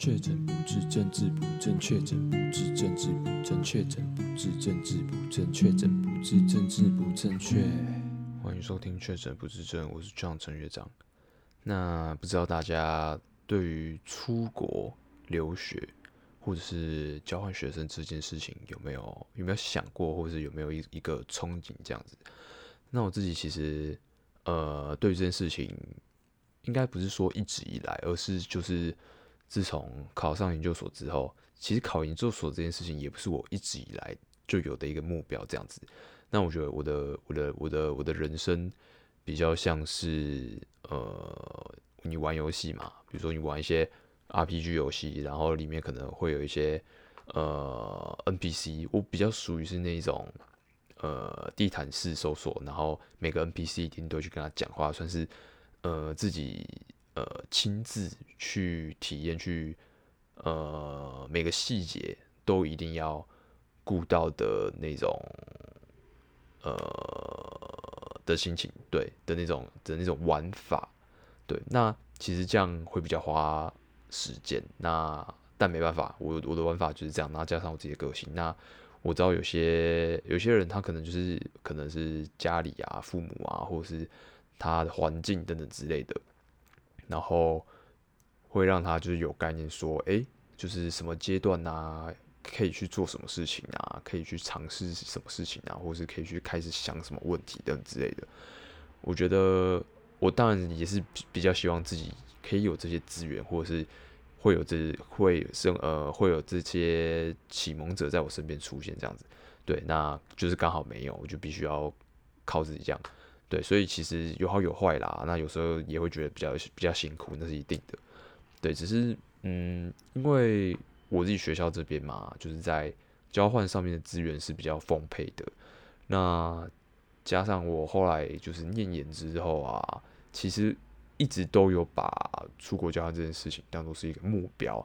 確診不治，政治不正確；確診不治，政治不正確；確診不治，政治不正確；確診不治，政治不正確。歡迎收聽《確診不治症》，我是 John 陳學長。那不知道大家對於出國留學或者是交換學生這件事情，有沒有有沒有想過，或者是有沒有一一個憧憬這樣子？那我自己其實，呃，對這件事情，應該不是說一直以來，而是就是。自從考上研究所之後，其實考研究所這件事情也不是我一直以來就有的一個目標，這樣子，那我覺得我的我的我的我的人生比較像是呃，你玩遊戲嘛，比如說你玩一些 RPG 遊戲，然後裡面可能會有一些呃 NPC，我比較屬於是那種呃地毯式搜索，然後每個 NPC 一定都去跟他講話，算是呃自己。呃，親自去體驗去，去呃，每個細節都一定要顧到的那種呃的心情，對的那種的那種玩法，對。那其實這樣會比較花時間，那但沒辦法，我我的玩法就是這樣，那加上我自己的個性。那我知道有些有些人他可能就是可能是家裡啊、父母啊，或者是他的環境等等之類的。然後會讓他就是有概念說，哎，就是什麼階段啊，可以去做什麼事情啊？可以去嘗試什麼事情啊？或者是可以去開始想什麼問題等等之類的。我覺得我當然也是比較希望自己可以有這些資源，或者是會有這會有生呃會有這些啟蒙者在我身邊出現這樣子。對，那就是剛好沒有，我就必須要靠自己這樣。對，所以其實有好有壞啦。那有時候也會覺得比較比較辛苦，那是一定的。對，只是嗯，因為我自己學校這邊嘛，就是在交換上面的資源是比較豐沛的。那加上我後來就是念研之後啊，其實一直都有把出國交換這件事情當作是一個目標。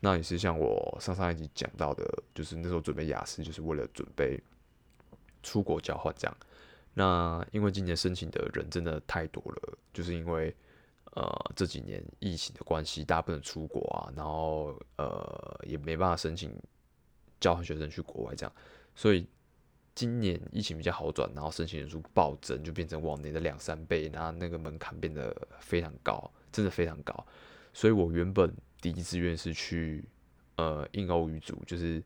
那也是像我上上一集講到的，就是那時候準備雅思，就是為了準備出國交換這樣。那因為今年申請的人真的太多了，就是因為呃這幾年疫情的關係，大家不能出國啊，然後呃也沒辦法申請交換學生去國外這樣，所以今年疫情比較好轉，然後申請人數暴增，就變成往年的兩三倍，然後那個門檻變得非常高，真的非常高。所以我原本第一志願是去呃印歐語組，就是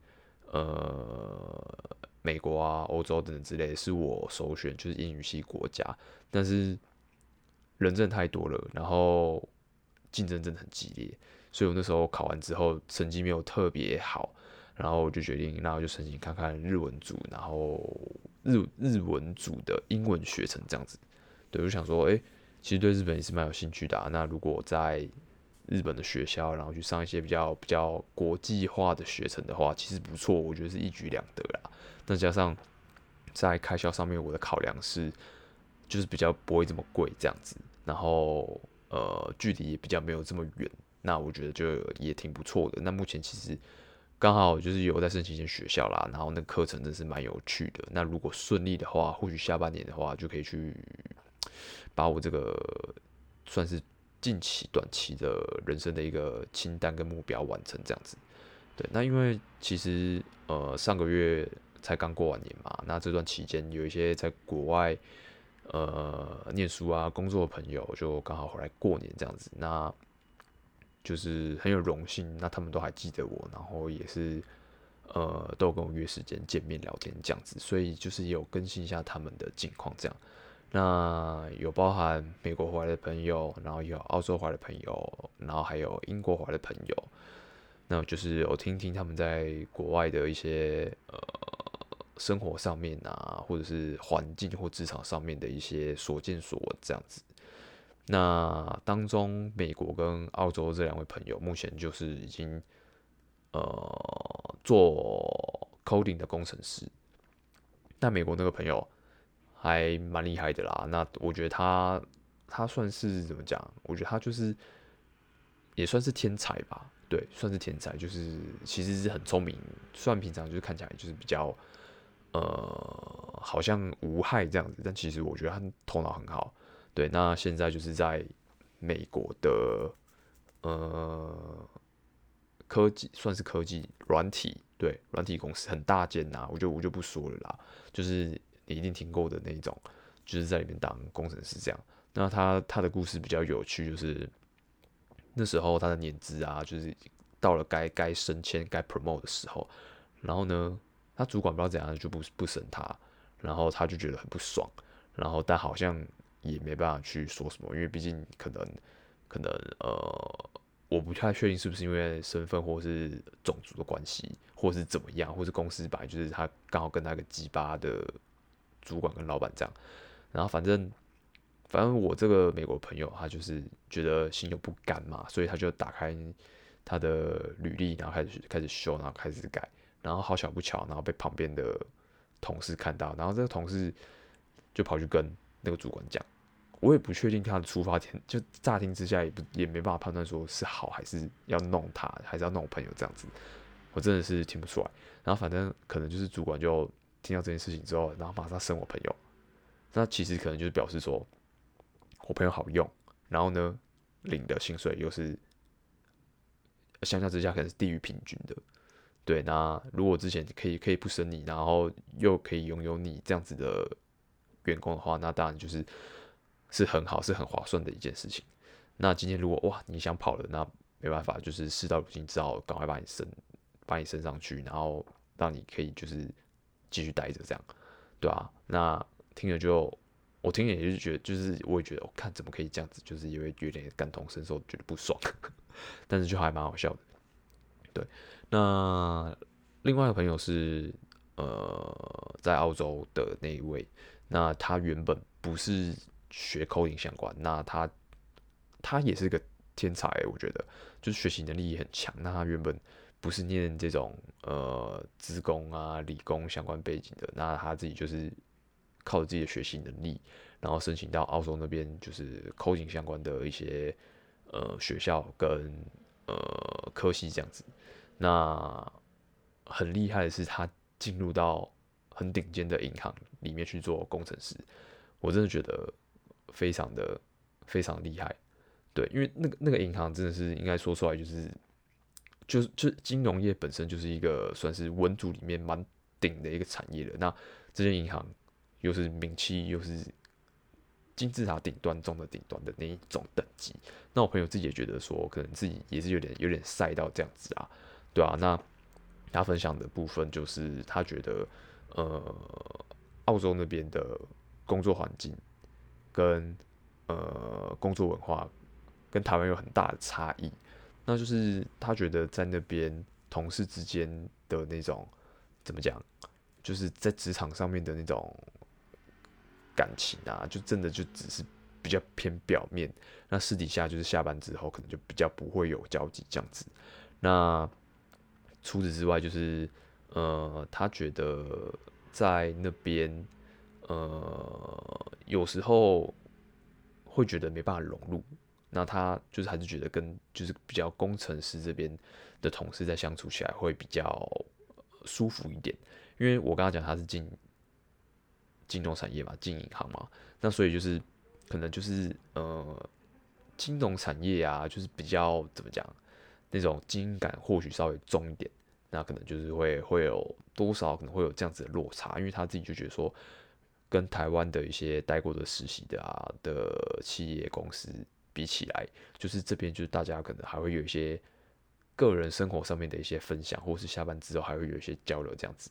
呃。美國啊、歐洲等等之類，是我首選，就是英語系國家。但是人真的太多了，然後競爭真的很激烈，所以我那時候考完之後成績沒有特別好，然後我就決定，那我就申請看看日文組，然後日日文組的英文學程這樣子。對，我想說，哎、欸，其實對日本也是蠻有興趣的、啊。那如果我在日本的學校，然後去上一些比較比較國際化的學程的話，其實不錯，我覺得是一舉兩得啦。那加上在開銷上面，我的考量是，就是比較不會這麼貴這樣子。然後呃，距離也比較沒有這麼遠，那我覺得就也挺不錯的。那目前其實剛好就是有在申請一些學校啦，然後那課程真是蠻有趣的。那如果順利的話，或許下半年的話就可以去把我這個算是。近期、短期的人生的一個清單跟目標完成這樣子，對。那因為其實呃上個月才剛過完年嘛，那這段期間有一些在國外呃念書啊、工作的朋友就剛好回來過年這樣子，那就是很有榮幸，那他們都還記得我，然後也是呃都有跟我約時間見面聊天這樣子，所以就是也有更新一下他們的近況這樣。那有包含美國回來的朋友，然後有澳洲回來的朋友，然後還有英國回來的朋友。那就是我聽聽他們在國外的一些呃生活上面啊，或者是環境或職場上面的一些所見所聞這樣子。那當中美國跟澳洲這兩位朋友目前就是已經呃做 coding 的工程師。那美國那個朋友。還蠻厲害的啦，那我覺得他他算是怎麼講？我覺得他就是也算是天才吧，對，算是天才，就是其實是很聰明，算平常就是看起來就是比較呃好像無害這樣子，但其實我覺得他頭腦很好，對。那現在就是在美國的呃科技算是科技軟體，對，軟體公司很大間啦，我就我就不說了啦，就是。一定聽過的那一種，就是在裡面當工程師這樣。那他他的故事比較有趣，就是那時候他的年資啊，就是到了該該升遷、該 promote 的時候，然後呢，他主管不知道怎樣就不不升他，然後他就覺得很不爽，然後但好像也沒辦法去說什麼，因為畢竟可能可能呃，我不太確定是不是因為身份或是種族的關係，或是怎麼樣，或是公司吧，就是他剛好跟那個雞巴的。主管跟老闆這樣，然後反正反正我這個美國朋友，他就是覺得心有不甘嘛，所以他就打開他的履歷，然後開始開始修，然後開始改，然後好巧不巧，然後被旁邊的同事看到，然後這個同事就跑去跟那個主管講，我也不確定他的出發點，就乍聽之下也不也沒辦法判斷說是好還是要弄他，還是要弄我朋友這樣子，我真的是聽不出來。然後反正可能就是主管就。聽到這件事情之後，然後馬上升我朋友，那其實可能就是表示說，我朋友好用，然後呢，領的薪水又是相較之下可能是低於平均的。對，那如果之前可以可以不升你，然後又可以擁有你這樣子的員工的話，那當然就是是很好，是很划算的一件事情。那今天如果哇你想跑了，那沒辦法，就是事到如今只好趕快把你升，把你升上去，然後讓你可以就是。繼續待着這樣，對啊。那聽了就，我聽了也就是覺得，就是我也覺得，我、哦、看怎麼可以這樣子，就是因為有點感同身受，覺得不爽，呵呵，但是就還蠻好笑的。對，那另外一個的朋友是呃，在澳洲的那一位，那他原本不是學 coding 相關，那他他也是個天才，我覺得就是學習能力也很強。那他原本。不是念這種呃，資工啊、理工相關背景的，那他自己就是靠自己的學習能力，然後申請到澳洲那邊，就是 coding 相關的一些呃學校跟呃科系這樣子。那很厲害的是，他進入到很頂尖的銀行裡面去做工程師，我真的覺得非常的非常厲害。對，因為那個那個銀行真的是應該說出來就是。就是，就金融業本身就是一個算是文組裡面蠻頂的一個產業的。那這些銀行又是名氣，又是金字塔頂端中的頂端的那一種等級。那我朋友自己也覺得說，可能自己也是有點有點賽到這樣子啊，對啊。那他分享的部分就是，他覺得呃，澳洲那邊的工作環境跟呃工作文化跟台灣有很大的差異。那就是他覺得在那邊同事之間的那種怎麼講，就是在職場上面的那種感情啊，就真的就只是比較偏表面，那私底下就是下班之後可能就比較不會有交集這樣子。那除此之外，就是呃，他覺得在那邊呃，有時候會覺得沒辦法融入。那他就是還是覺得跟就是比較工程師這邊的同事在相處起來會比較舒服一點，因為我剛才講他是進金融產業嘛，進銀行嘛，那所以就是可能就是呃金融產業啊，就是比較怎麼講那種精英感或許稍微重一點，那可能就是會會有多少可能會有這樣子的落差，因為他自己就覺得說跟台灣的一些待過的實習的啊的企業公司。比起來，就是這邊就是大家可能還會有一些個人生活上面的一些分享，或是下班之後還會有一些交流這樣子。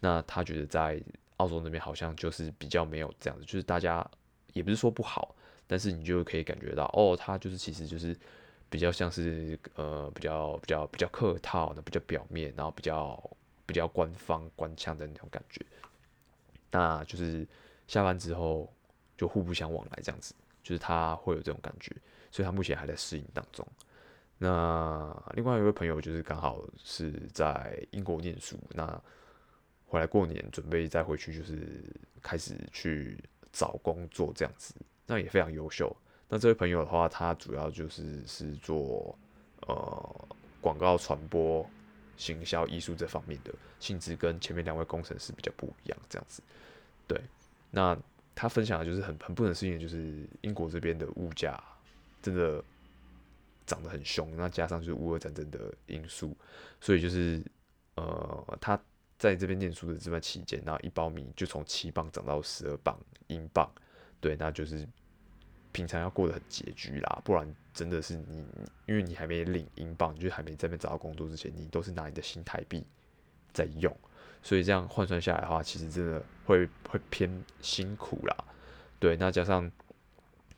那他覺得在澳洲那邊好像就是比較沒有這樣子，就是大家也不是說不好，但是你就可以感覺到哦，他就是其實就是比較像是呃比較比較比較客套的、比較表面，然後比較比較官方官腔的那種感覺。那就是下班之後就互不相往來這樣子。就是他會有這種感覺，所以他目前還在適應當中。那另外一位朋友就是剛好是在英國念書，那回來過年準備再回去，就是開始去找工作這樣子。那也非常優秀。那這位朋友的話，他主要就是是做呃廣告傳播、行銷、藝術這方面的性質，跟前面兩位工程師比較不一樣這樣子。對，那。他分享的就是很很不能適應，就是英國這邊的物價真的漲得很兇，那加上就是俄烏戰爭的因素，所以就是呃，他在這邊唸書的這段期間，那一包米就從七磅漲到十二磅英鎊，對，那就是平常要過得很拮据啦，不然真的是你因為你還沒領英鎊，就是還沒在這邊找到工作之前，你都是拿你的新台幣在用。所以這樣換算下來的話，其實真的會會偏辛苦啦。對，那加上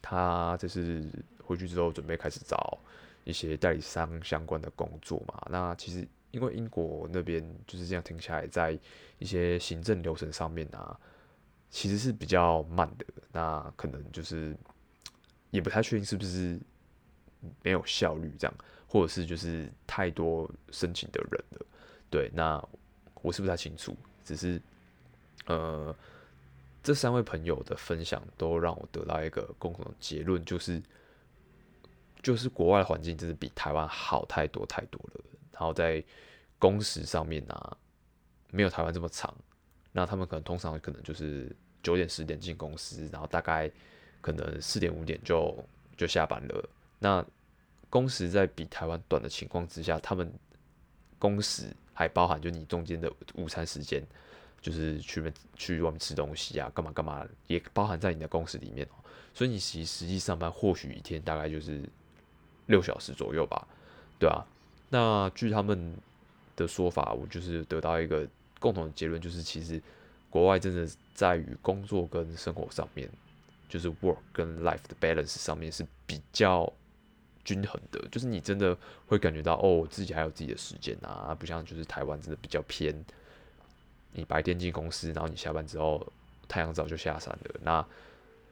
他就是回去之後，準備開始找一些代理商相關的工作嘛。那其實因為英國那邊就是這樣停下來，在一些行政流程上面啊，其實是比較慢的。那可能就是也不太確定是不是沒有效率這樣，或者是就是太多申請的人了。對，那。我是不是太清楚？只是，呃，這三位朋友的分享都讓我得到一個共同的結論，就是，就是國外環境真的比台灣好太多太多了。然後在工時上面呢、啊，沒有台灣這麼長。那他們可能通常可能就是九點、十點進公司，然後大概可能四點、五點就就下班了。那工時在比台灣短的情況之下，他們工時。還包含就你中間的午餐時間，就是去外去外面吃東西啊，幹嘛幹嘛，也包含在你的公司裡面哦、喔。所以你其實實際上班或許一天大概就是六小時左右吧，對啊。那據他們的說法，我就是得到一個共同的結論，就是其實國外真的在於工作跟生活上面，就是 work 跟 life 的 balance 上面是比較。均衡的，就是你真的會感覺到哦，自己還有自己的時間啊，不像就是台灣真的比較偏。你白天進公司，然後你下班之後太陽早就下山了。那，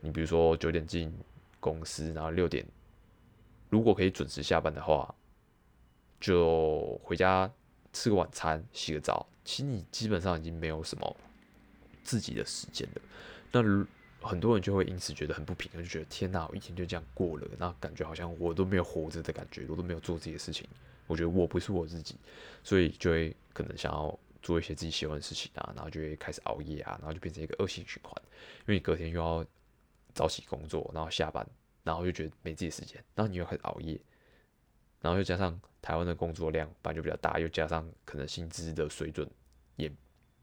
你比如說九點進公司，然後六點如果可以準時下班的話，就回家吃個晚餐，洗個澡。其實你基本上已經沒有什麼自己的時間了。那。很多人就會因此覺得很不平衡，就覺得天哪，我一天就這樣過了，然後感覺好像我都沒有活着的感覺，我都沒有做這些事情，我覺得我不是我自己，所以就會可能想要做一些自己喜歡的事情啊，然後就會開始熬夜啊，然後就變成一個惡性循環，因為你隔天又要早起工作，然後下班，然後就覺得沒自己時間，然後你又開始熬夜，然後又加上台灣的工作量本來就比較大，又加上可能薪資的水準也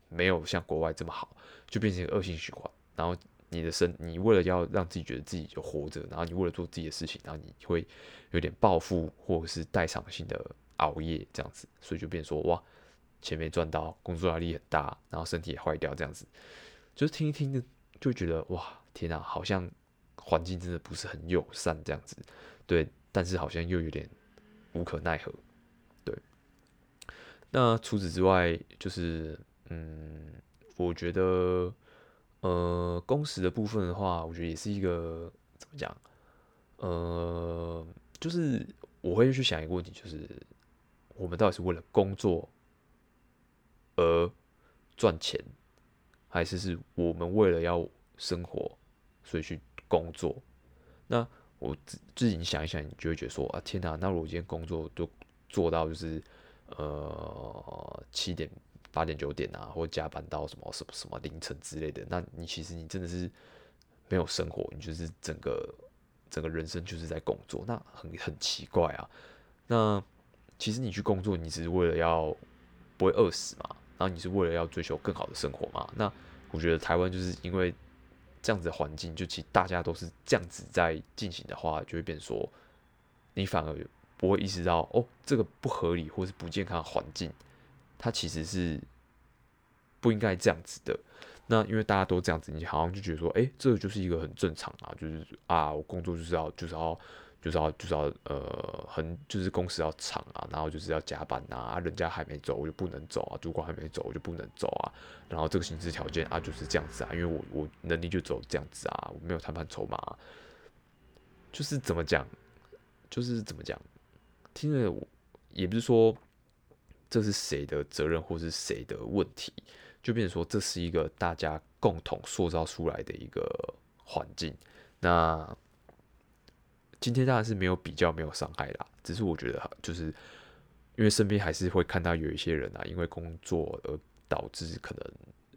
沒有像國外這麼好，就變成一個惡性循環，然後。你的身，你為了要讓自己覺得自己就活着，然後你為了做自己的事情，然後你會有點報復或者是代償性的熬夜這樣子，所以就變說，哇，錢沒賺到，工作壓力很大，然後身體也壞掉這樣子，就是聽一聽就覺得，哇，天哪，好像環境真的不是很友善這樣子，對，但是好像又有點無可奈何，對。那除此之外，就是嗯，我覺得。呃，工時的部分的話，我覺得也是一個怎麼講？呃，就是我會去想一個問題，就是我們到底是為了工作而賺錢，還是是我們為了要生活所以去工作？那我自自己想一想，你就會覺得說啊，啊，天哪！那我今天工作都做到就是呃七點。7. 八點九點啊，或加班到什麼什麼什麼凌晨之類的，那你其實你真的是沒有生活，你就是整個整個人生就是在工作，那很很奇怪啊。那其實你去工作，你只是為了要不會餓死嘛，然後你是為了要追求更好的生活嘛。那我覺得台灣就是因為這樣子的環境，就其實大家都是這樣子在進行的話，就會變成說你反而不會意識到哦，這個不合理或是不健康的環境。他其實是不應該這樣子的。那因為大家都這樣子，你好像就覺得說，誒、欸，這個就是一個很正常啊，就是啊，我工作就是要就是要就是要就是要呃，很就是公司要長啊，然後就是要加班啊，人家還沒走我就不能走啊，主管還沒走我就不能走啊，然後這個形式條件啊就是這樣子啊，因為我我能力就走這樣子啊，我沒有談判籌碼啊，就是怎麼講，就是怎麼講，聽着我也不是說。這是誰的責任，或是誰的問題，就變成說這是一個大家共同塑造出來的一個環境。那今天當然是沒有比較，沒有傷害啦。只是我覺得，就是因為身邊還是會看到有一些人啊，因為工作而導致可能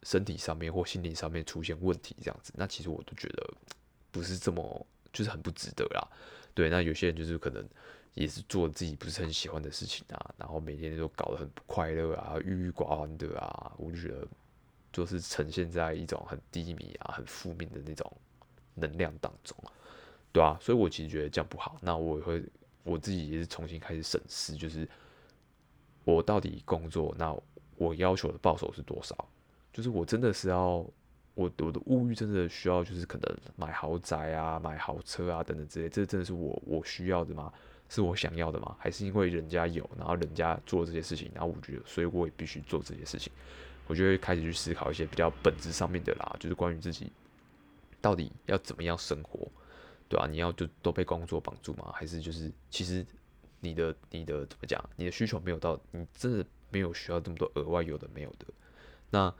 身體上面或心靈上面出現問題這樣子。那其實我都覺得不是這麼。就是很不值得啦，對，那有些人就是可能也是做自己不是很喜歡的事情啊，然後每天都搞得很不快樂啊，鬱鬱寡歡的啊，我就覺得就是呈現在一種很低迷啊、很負面的那種能量當中，對啊，所以我其實覺得這樣不好，那我也會我自己也是重新開始審視，就是我到底工作，那我要求的報酬是多少？就是我真的是要。我我的物欲真的需要，就是可能買豪宅啊，買豪車啊等等之類的，這真的是我我需要的嗎？是我想要的嗎？還是因為人家有，然後人家做這些事情，然後我覺得，所以我也必須做這些事情。我就會開始去思考一些比較本質上面的啦，就是關於自己到底要怎麼樣生活，對啊，你要就都被工作綁住嗎？還是就是其實你的你的怎麼講，你的需求沒有到，你真的沒有需要這麼多額外有的沒有的那。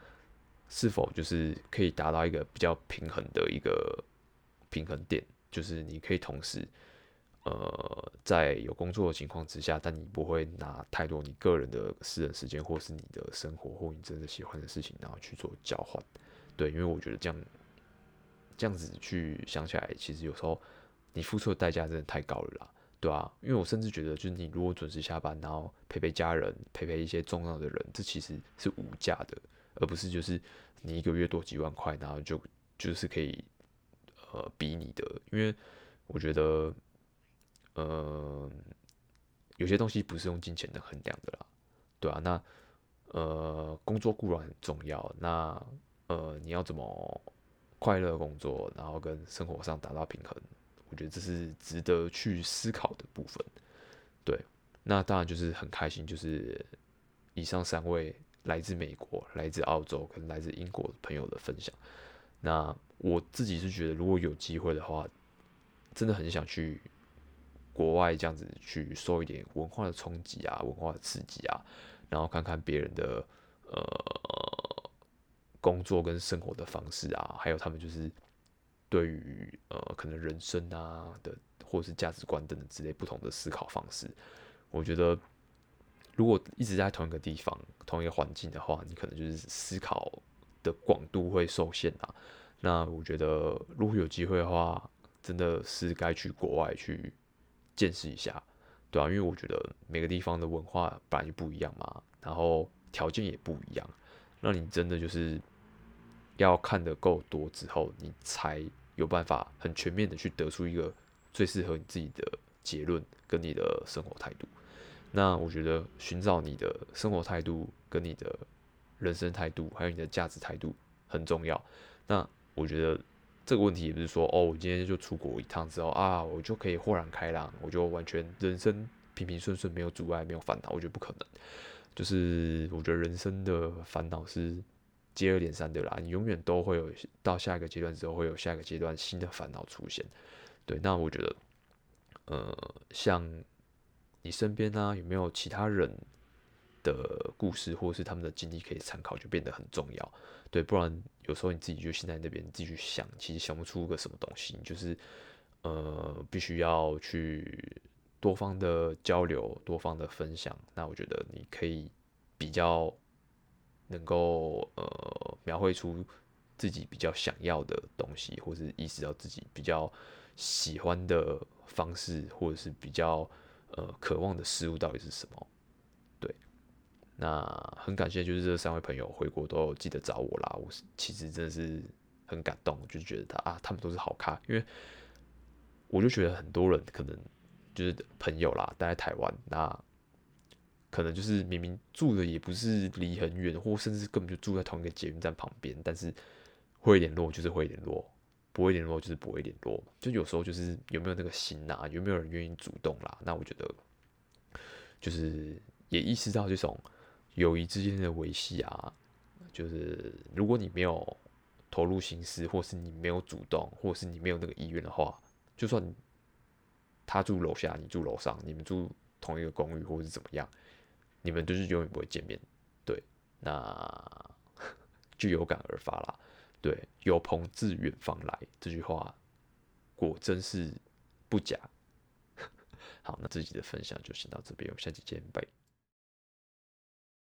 是否就是可以達到一個比較平衡的一個平衡點？就是你可以同時，呃，在有工作的情況之下，但你不會拿太多你個人的私人時間，或是你的生活，或你真的喜歡的事情，然後去做交換。對，因為我覺得這樣這樣子去想起來，其實有時候你付出的代價真的太高了啦，對啊，因為我甚至覺得，就是你如果準時下班，然後陪陪家人，陪陪一些重要的人，這其實是無價的。而不是就是你一個月多幾萬塊，然後就就是可以呃比你的。因為我覺得呃有些東西不是用金錢能衡量的啦，對啊，那呃工作固然很重要，那呃你要怎麼快樂工作，然後跟生活上達到平衡，我覺得這是值得去思考的部分。對，那當然就是很開心，就是以上三位。來自美國、來自澳洲跟來自英國的朋友的分享，那我自己是覺得，如果有機會的話，真的很想去國外這樣子去受一點文化的衝擊啊、文化的刺激啊，然後看看別人的呃工作跟生活的方式啊，還有他們就是對於呃可能人生啊的或是價值觀等等之類不同的思考方式，我覺得。如果一直在同一個地方，同一個環境的話，你可能就是思考的廣度會受限啊。那我覺得，如果有機會的話，真的是該去國外去見識一下，對啊，因為我覺得每個地方的文化本來就不一樣嘛，然後條件也不一樣。那你真的就是要看得夠多之後，你才有辦法很全面的去得出一個最適合你自己的結論跟你的生活態度。那我覺得尋找你的生活態度，跟你的人生態度，還有你的價值態度很重要。那我覺得這個問題也不是說哦，我今天就出國一趟之後啊，我就可以豁然開朗，我就完全人生平平順順，沒有阻礙，沒有煩惱。我覺得不可能。就是我覺得人生的煩惱是接二連三的啦，你永遠都會有到下一個階段之後，會有下一個階段新的煩惱出現。對，那我覺得，呃，像。你身邊呢，啊，有沒有其他人的故事，或者是他們的經歷可以參考，就變得很重要。對，不然有時候你自己就現在那邊自己去想，其實想不出個什麼東西。你就是呃，必須要去多方的交流，多方的分享。那我覺得你可以比較能夠呃描繪出自己比較想要的東西，或是意識到自己比較喜歡的方式，或者是比較。呃，渴望的事物到底是什麼？對，那很感謝，就是這三位朋友回國都記得找我啦。我其實真的是很感動，就覺得他啊，他們都是好咖。因為我就覺得很多人可能就是朋友啦，待在台灣，那可能就是明明住的也不是離很遠，或甚至根本就住在同一個捷運站旁邊，但是會聯絡就是會聯絡。不會聯絡就是不會聯絡，就有時候就是有沒有那個心吶、啊，有沒有人願意主動啦、啊？那我覺得就是也意識到這種友誼之間的維繫啊，就是如果你沒有投入心思，或是你沒有主動，或是你沒有那個意願的話，就算他住樓下，你住樓上，你們住同一個公寓或者是怎麼樣，你們都是永遠不會見面。對，那 就有感而發啦。對“有朋自遠方來”這句話，果真是不假。 好，那這期的分享就先到這邊，我們下期見，拜。